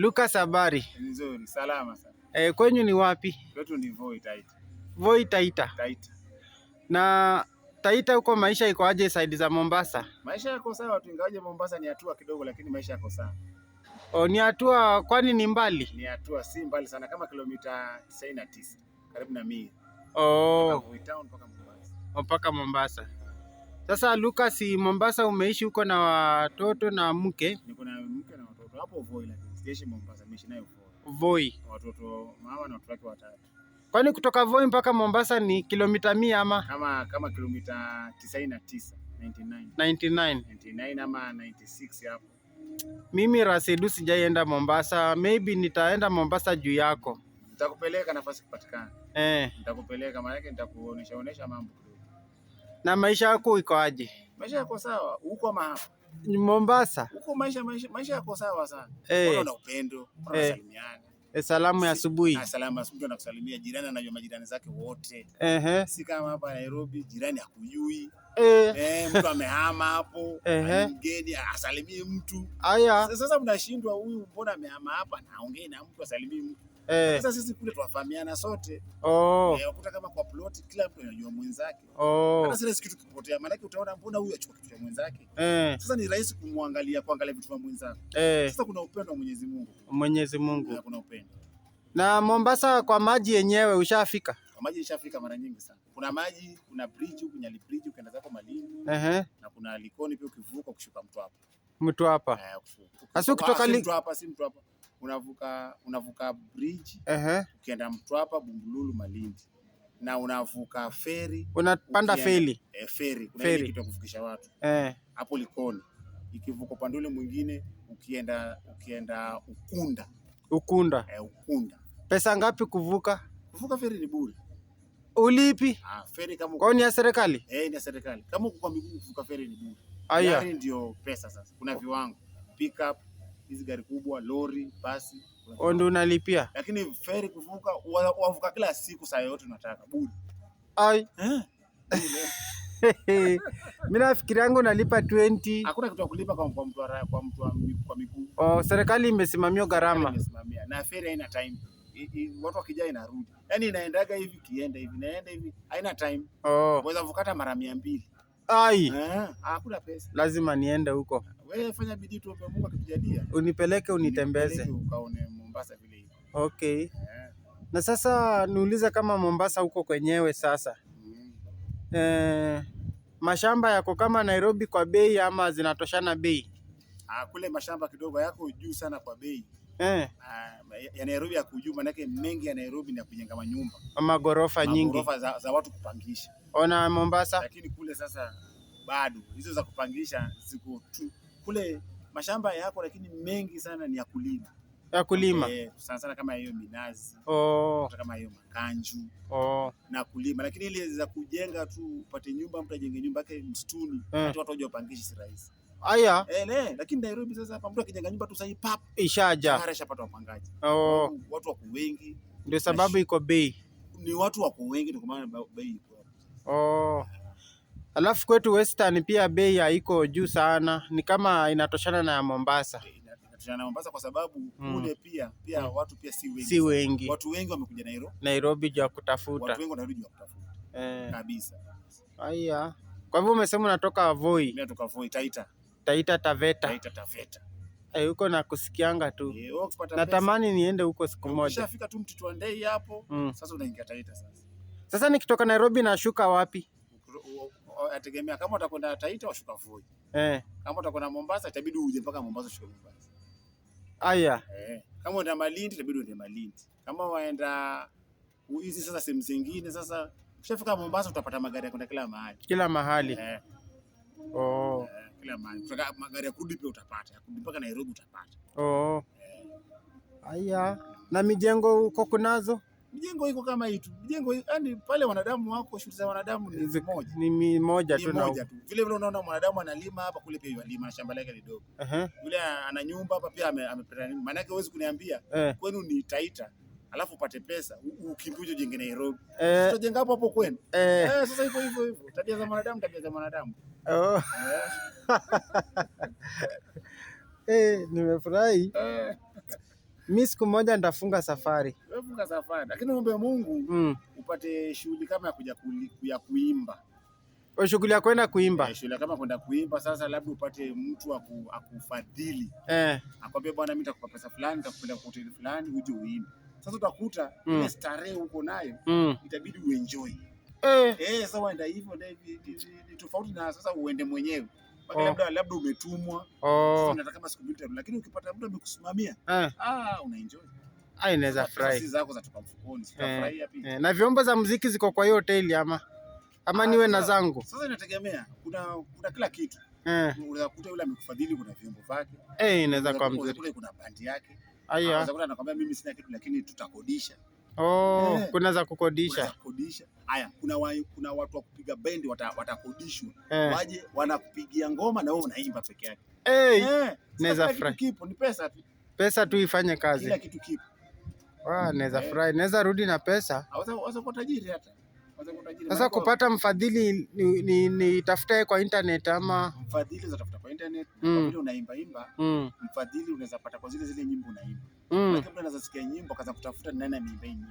Lucas, habari? Nzuri, salama sana. E, kwenyu ni wapi? Kwetu ni Voi Taita. Voi Taita. Taita. Na Taita huko maisha iko aje side za Mombasa? Maisha yako sawa tu, ingawaje Mombasa ni hatua kidogo, lakini maisha yako sawa. O, ni hatua kwani ni mbali? Ni hatua si mbali sana kama kilomita 99 karibu na mimi. Oh. Mpaka Mombasa. Sasa Lucas, Mombasa umeishi huko na watoto na mke? Niko na mke na watoto hapo Voi lakini station Mombasa, Voi. Watoto mama na watoto wake watatu. Kwani kutoka Voi mpaka Mombasa ni kilomita mia ama kama, kama kilomita 99, 99. 99. 99 ama 96 hapo. Mimi Rasidu sijaienda Mombasa, maybe nitaenda Mombasa juu yako. Nitakupeleka nafasi kupatikana. Eh. Nitakupeleka maana yake nitakuonesha onesha mambo. Na maisha yako iko aje? Maisha yako sawa, huko ama hapa? ni Mombasa. Huko maisha maisha, maisha yako sawa sana. Eh. Kuna upendo, unasalimiana. Eh. eh, salamu ya asubuhi. Na ah, salamu ya asubuhi anakusalimia jirani, anajua majirani zake wote. Ehe. Si kama hapa Nairobi jirani hakujui. Eh. Eh, mtu amehama hapo, mgeni asalimie mtu. Aya. Sasa mnashindwa huyu mbona amehama hapa na aongee na mtu asalimie mtu. Eh. Sasa sisi kule tunafahamiana sote. Oh. Eh, ukuta kama kwa plot kila mtu anajua mwenzake. Oh. Hata sile kitu kipotea, maana utaona mbona huyu achukua kitu cha mwenzake. Eh. Sasa ni rahisi kumwangalia kuangalia vitu vya mwenzake. Eh. Sasa kuna upendo wa Mwenyezi Mungu. Mwenyezi Mungu. Na eh, kuna upendo. Na Mombasa kwa maji yenyewe ushafika? Kwa maji ushafika mara nyingi sana. Kuna maji, kuna bridge, kuna bridge ukienda zako Malindi. Uh -huh. Na kuna Likoni pia ukivuka ukishuka mtu hapa. Mtu hapa. Eh, ukishuka. Sasa ukitoka ah, Likoni. Mtu hapa si mtu hapa unavuka unavuka bridge uh -huh. Ukienda Mtwapa, Bumbululu, Malindi na unavuka feri unapanda feri eh, feri kuna feri kitu kuvukisha watu eh. hapo eh. Likoni ikivuka upande ule mwingine ukienda ukienda Ukunda Ukunda eh, Ukunda pesa ngapi kuvuka? Kuvuka feri ni bure. Ulipi? Ah, feri kama kwa ni ya serikali? Eh, ni ya serikali. Kama uko kwa miguu kuvuka feri ni bure. Ndio pesa sasa. Kuna viwango. Pick up hizi gari kubwa, lori, basi. Oh, ndio unalipia. Lakini feri kuvuka, wavuka kila siku saa yote unataka budi. Ai. Mimi nafikiri yangu nalipa 20. Hakuna kitu kulipa kwa mtu kwa mtu kwa miguu. Oh, serikali imesimamia gharama. Imesimamia. Na feri haina time. Watu wakija inarudi. Yaani inaendaga hivi kienda hivi, naenda hivi, haina time. Oh. Unaweza vukata mara mbili. Ai. Ah, hakuna pesa. Lazima niende huko wewe fanya bidii tu, Mungu akitujalia, unipeleke unitembeze, ukaone Mombasa vile hiyo. Okay, yeah. Na sasa niuliza kama Mombasa huko kwenyewe sasa mm. E, mashamba yako kama Nairobi kwa bei ama zinatoshana bei? Ah, kule mashamba kidogo yako juu sana kwa bei Eh. Uh, ya Nairobi ya kujuu manake mengi ya Nairobi ni ya kujenga manyumba magorofa nyingi magorofa za, za watu kupangisha. Ona Mombasa, lakini kule sasa bado hizo za kupangisha ziko tu kule mashamba yako, lakini mengi sana ni ya kulima ya kulima okay. Eh, sana sana kama hiyo minazi oh. Kama hiyo makanju oh. Na kulima, lakini ile za kujenga tu upate nyumba, mtu ajenge nyumba yake msituni eh. Watu waje wapangishe, si rahisi aya eh. Lakini Nairobi sasa hapa mtu akijenga nyumba tu sasa pap ishaja tayari wapangaji oh. Watu wako wengi, ndio sababu iko bei, ni watu wako wengi ndio maana bei Alafu kwetu Western pia bei haiko juu sana, ni kama inatoshana na ya Mombasa. Inatoshana na Mombasa kwa sababu hmm. kule pia pia hmm. watu pia si wengi. Si wengi. Watu wengi wamekuja Nairobi. Nairobi juu ya kutafuta. Watu wengi wanarudi juu ya kutafuta. Eh. Kabisa. Haya. Kwa hivyo umesema unatoka Voi. Mimi natoka Voi Taita. Taita Taveta. Taita Taveta. Eh, huko na kusikianga tu. Eh, natamani niende huko siku moja. Ukishafika tu Ndei hapo, hmm. sasa unaingia Taita sasa. Sasa nikitoka Nairobi nashuka wapi? yategemea kama utakwenda Taita washuka Voi. Eh. Kama utakwenda Mombasa itabidi uje mpaka Mombasa ushuke Mombasa. Aya. Eh. Kama unaenda Malindi itabidi uende Malindi. Kama waenda hizi sasa sehemu zingine sasa ukishafika Mombasa utapata magari ya kwenda kila mahali. Kila mahali. Eh. Oh. Eh, kila mahali. Utaka magari ya kurudi pia utapata. Ya kurudi mpaka Nairobi utapata. Oh. Eh. Aya. Na mijengo uko kunazo? mjengo iko kama hii tu, mijengo yani pale wanadamu wako, shughuli za wanadamu ni moja ni moja tu na moja tu. Vile vile unaona mwanadamu analima hapa, kule pia analima shamba lake lidogo, yule ana nyumba hapa pia amepata. Maana yake huwezi kuniambia eh. kwenu ni Taita alafu upate pesa ukimbuje jenge Nairobi, eh. utajenga hapo hapo kwenu. Eh. Sasa hivyo hivyo hivyo, tabia za mwanadamu, tabia za mwanadamu. Oh. Nimefurahi. Mimi siku moja nitafunga safari kuimba safari, lakini ombe Mungu mm. upate shughuli kama ya kuja ya kuimba shughuli ya kwenda kuimba eh, shughuli kama kwenda kuimba. Sasa labda upate mtu aku, akufadhili eh, akwambia bwana, mimi nitakupa pesa fulani, nitakupeleka kwa hoteli fulani uje uimbe. Sasa utakuta mm. ile starehe uko nayo mm. itabidi uenjoy eh, eh sasa waenda hivyo, ni tofauti na sasa uende mwenyewe oh. labda labda umetumwa oh. Sasa unataka kama siku mbili, lakini ukipata mtu amekusimamia eh, ah unaenjoy Ai, inaweza furahi eh, eh, na vyombo za muziki ziko kwa hiyo hoteli ama ama ah, niwe na zangu. Sasa inategemea, kuna kuna kila kitu eh. Unaweza kukuta yule amekufadhili, kuna vyombo vyake eh, inaweza kwa mzuri, kuna bandi yake aya, ah, unaweza kuta anakuambia mimi sina kitu, lakini tutakodisha. Oh, eh, kuna za kukodisha, kuna za kukodisha. Aya, kuna wa, kuna watu wa kupiga bendi watakodishwa, eh. Waje wanakupigia ngoma na wewe unaimba peke yake eh, eh. Naweza furahi, kipo ni pesa tu, pesa tu ifanye kazi, kila kitu kipo Naweza furahi, naweza rudi na pesa. Sasa kupata mfadhili ni, ni, ni kwa internet ama mfadhili unatafuta kwa internet mm. Kwa unaimba imba mm. Mfadhili unaweza pata kwa zile zile nyimbo unaimba mm. Na kama unaweza sikia nyimbo kaza kutafuta nani ameimba nyimbo,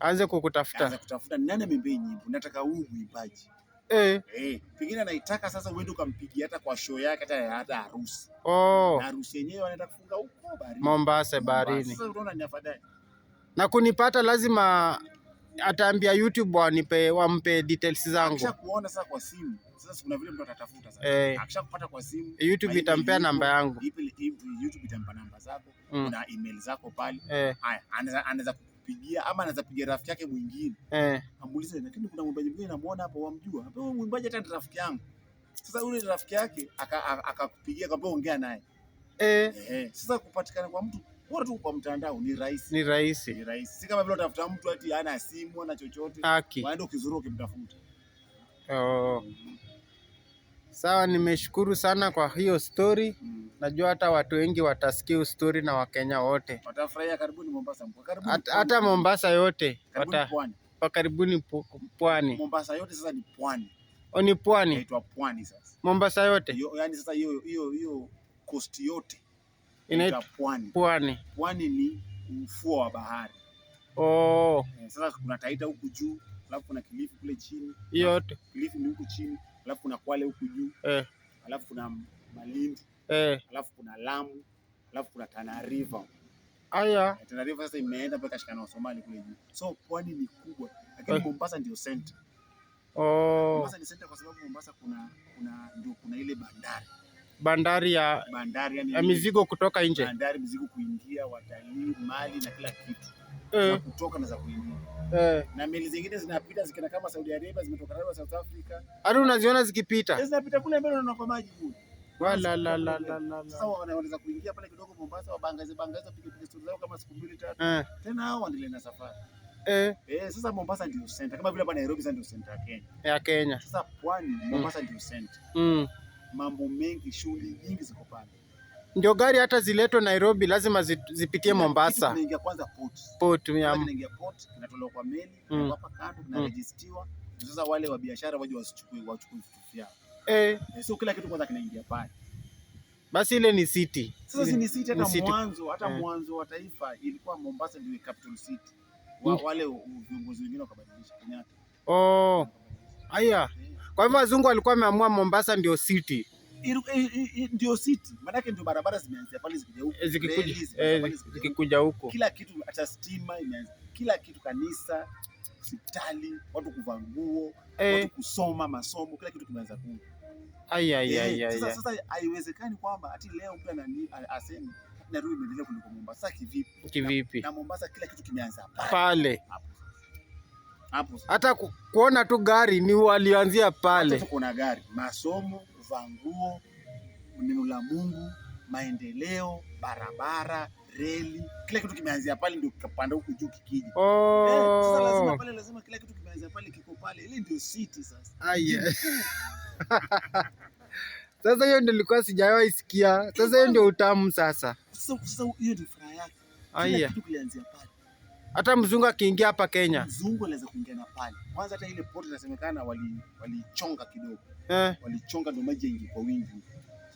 anze kukutafuta, anze kutafuta nani ameimba nyimbo, nataka huyu mwimbaji eh eh, pengine anaitaka sasa uende ukampigia hata kwa show yake hata hata harusi oh, na harusi yenyewe anaenda kufunga huko Mombasa barini. Sasa unaona ni afadhali na kunipata lazima ataambia YouTube wanipe wampe details zangu. Akishakuona sasa kwa simu, sasa kuna vile mtu atatafuta sasa. Eh, akishakupata kwa simu, YouTube itampea namba yangu. YouTube itampa namba zako mm. na email zako pale. Eh. Haya, anaweza ama anaweza kupigia rafiki yake mwingine. Eh. Amuulize lakini kuna mwimbaji mwingine namuona hapo wamjua. Hapo oh, mwimbaji hata rafiki yangu. Sasa yule rafiki yake akakupigia ongea naye. Eh. Eh. Sasa kupatikana kwa mtu bora tu kwa mtandao ni rahisi, ni rahisi, ni rahisi, si kama vile utafuta mtu ati ana simu na chochote, waende ukizuru ukimtafuta. Oh. Mm. Sawa, nimeshukuru sana kwa hiyo story. Mm. Najua hata watu wengi watasikia story na Wakenya wote watafurahia. Karibuni Mombasa, karibuni hata Mombasa yote Pwani. pa karibuni pwani. Mombasa yote sasa ni pwani, oh, ni pwani, inaitwa pwani sasa. Mombasa yote hiyo, yani sasa hiyo hiyo hiyo coast yote inaitwa pwani. Pwani pwani ni ufuo wa bahari. Oh. Eh, sasa kuna Taita huku juu, alafu kuna Kilifi kule chini. Hiyo yote Kilifi ni huku chini, alafu kuna Kwale huku juu eh. Alafu kuna Malindi eh. Alafu kuna Lamu, alafu kuna Tana River. Aya. Eh, Tana River sasa imeenda mpaka shikana na Somali kule juu. So pwani ni kubwa, lakini eh. Mombasa ndio center. Oh. Mombasa ni center kwa sababu Mombasa kuna kuna ndio kuna ile bandari bandari ya, bandari ya mizigo kutoka nje, bandari mizigo kuingia, watalii, mali na kila kitu e, eh. na kutoka na za kuingia e. Na meli zingine zinapita zikina kama Saudi Arabia, zimetoka na South Africa, hadi unaziona zikipita, zinapita kule mbele, unaona kwa maji kule wala la la la la. Sasa wanaweza kuingia pale kidogo Mombasa, wabangaze bangaze, pige pige stori zao kama siku mbili tatu, eh, tena hao wanaendelea na safari eh. Eh, sasa Mombasa ndio center, kama vile hapa Nairobi sasa ndio center ya Kenya ya Kenya. Sasa pwani Mombasa ndio center mm mambo mengi, shughuli nyingi ziko pale. Ndio gari hata ziletwe Nairobi lazima zipitie Mombasa. Inaingia kwanza port. Port ya inaingia port, inatolewa kwa meli, hapa kando inarejistiwa. Mm. mm. Sasa wale wa biashara waje wasichukue wachukue vitu vyao. Eh. eh, sio kila kitu kwanza kinaingia pale. Basi ile ni city. Sasa ni city hata Mwanzo hata eh. mwanzo wa taifa ilikuwa Mombasa ndio capital city. Mm. wale viongozi wengine wakabadilisha Kenyatta. Oh. Haya. Kwa hivyo wazungu walikuwa wameamua Mombasa ndio city ndio city, maanake ndio barabara zimeanzia pale eh, huko zikikuja huko, kila kitu, hata stima imeanza, kila kitu, kanisa, hospitali, watu kuvaa nguo, e, watu kusoma masomo, kila kitu kimeanza ku eh, sasa. Haiwezekani kwamba ati leo mtu aseme Nairobi imeendelea kuliko Mombasa kivipi? Kivipi? Na Mombasa kila kitu kimeanza pale hapo, hata kuona tu gari ni walianzia pale, kuna gari, masomo kuvaa nguo, neno la Mungu, maendeleo, barabara, reli, kila kitu kimeanzia pale, ndio kikapanda huku juu kikija. Oh. Eh, lazima pale, lazima kila kitu kimeanzia pale, kiko pale. Ile ndio city sasa. Ah, yeah. Sasa hiyo ndio ilikuwa sijawahi sikia. Sasa hiyo ndio utamu sasa. Sasa hiyo ndio furaha yake. Ah, yeah. Kila kitu kilianzia pale. Hata mzungu akiingia hapa Kenya, mzungu anaweza kuingia na pale. Kwanza hata ile port inasemekana walichonga wali kidogo eh, walichonga ndio maji ingi kwa wingi.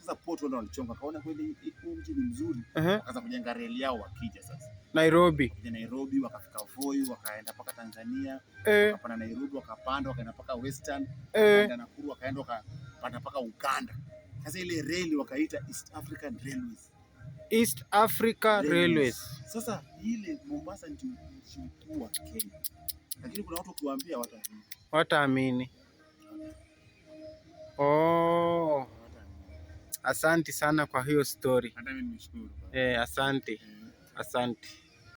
Sasa port wale walichonga, kaona kweli huu mji ni mzuri uh -huh. Wakaanza kujenga reli yao wakija sasa Nairobi, wakija Nairobi wakafika Voi, wakaenda mpaka Tanzania eh, wakapanda Nairobi, wakapanda wakaenda mpaka Western eh, wakaenda Nakuru, wakaenda wakapanda mpaka Uganda. Sasa ile reli wakaita East African Railways East Africa Railways. Sasa ile Mombasa ndio ilikuwa Kenya. Lakini kuna watu kuambia wataamini. Wataamini. Oh. oh. Asante sana kwa hiyo story. Hata mimi nishukuru. Eh, asante. Mm. Asante.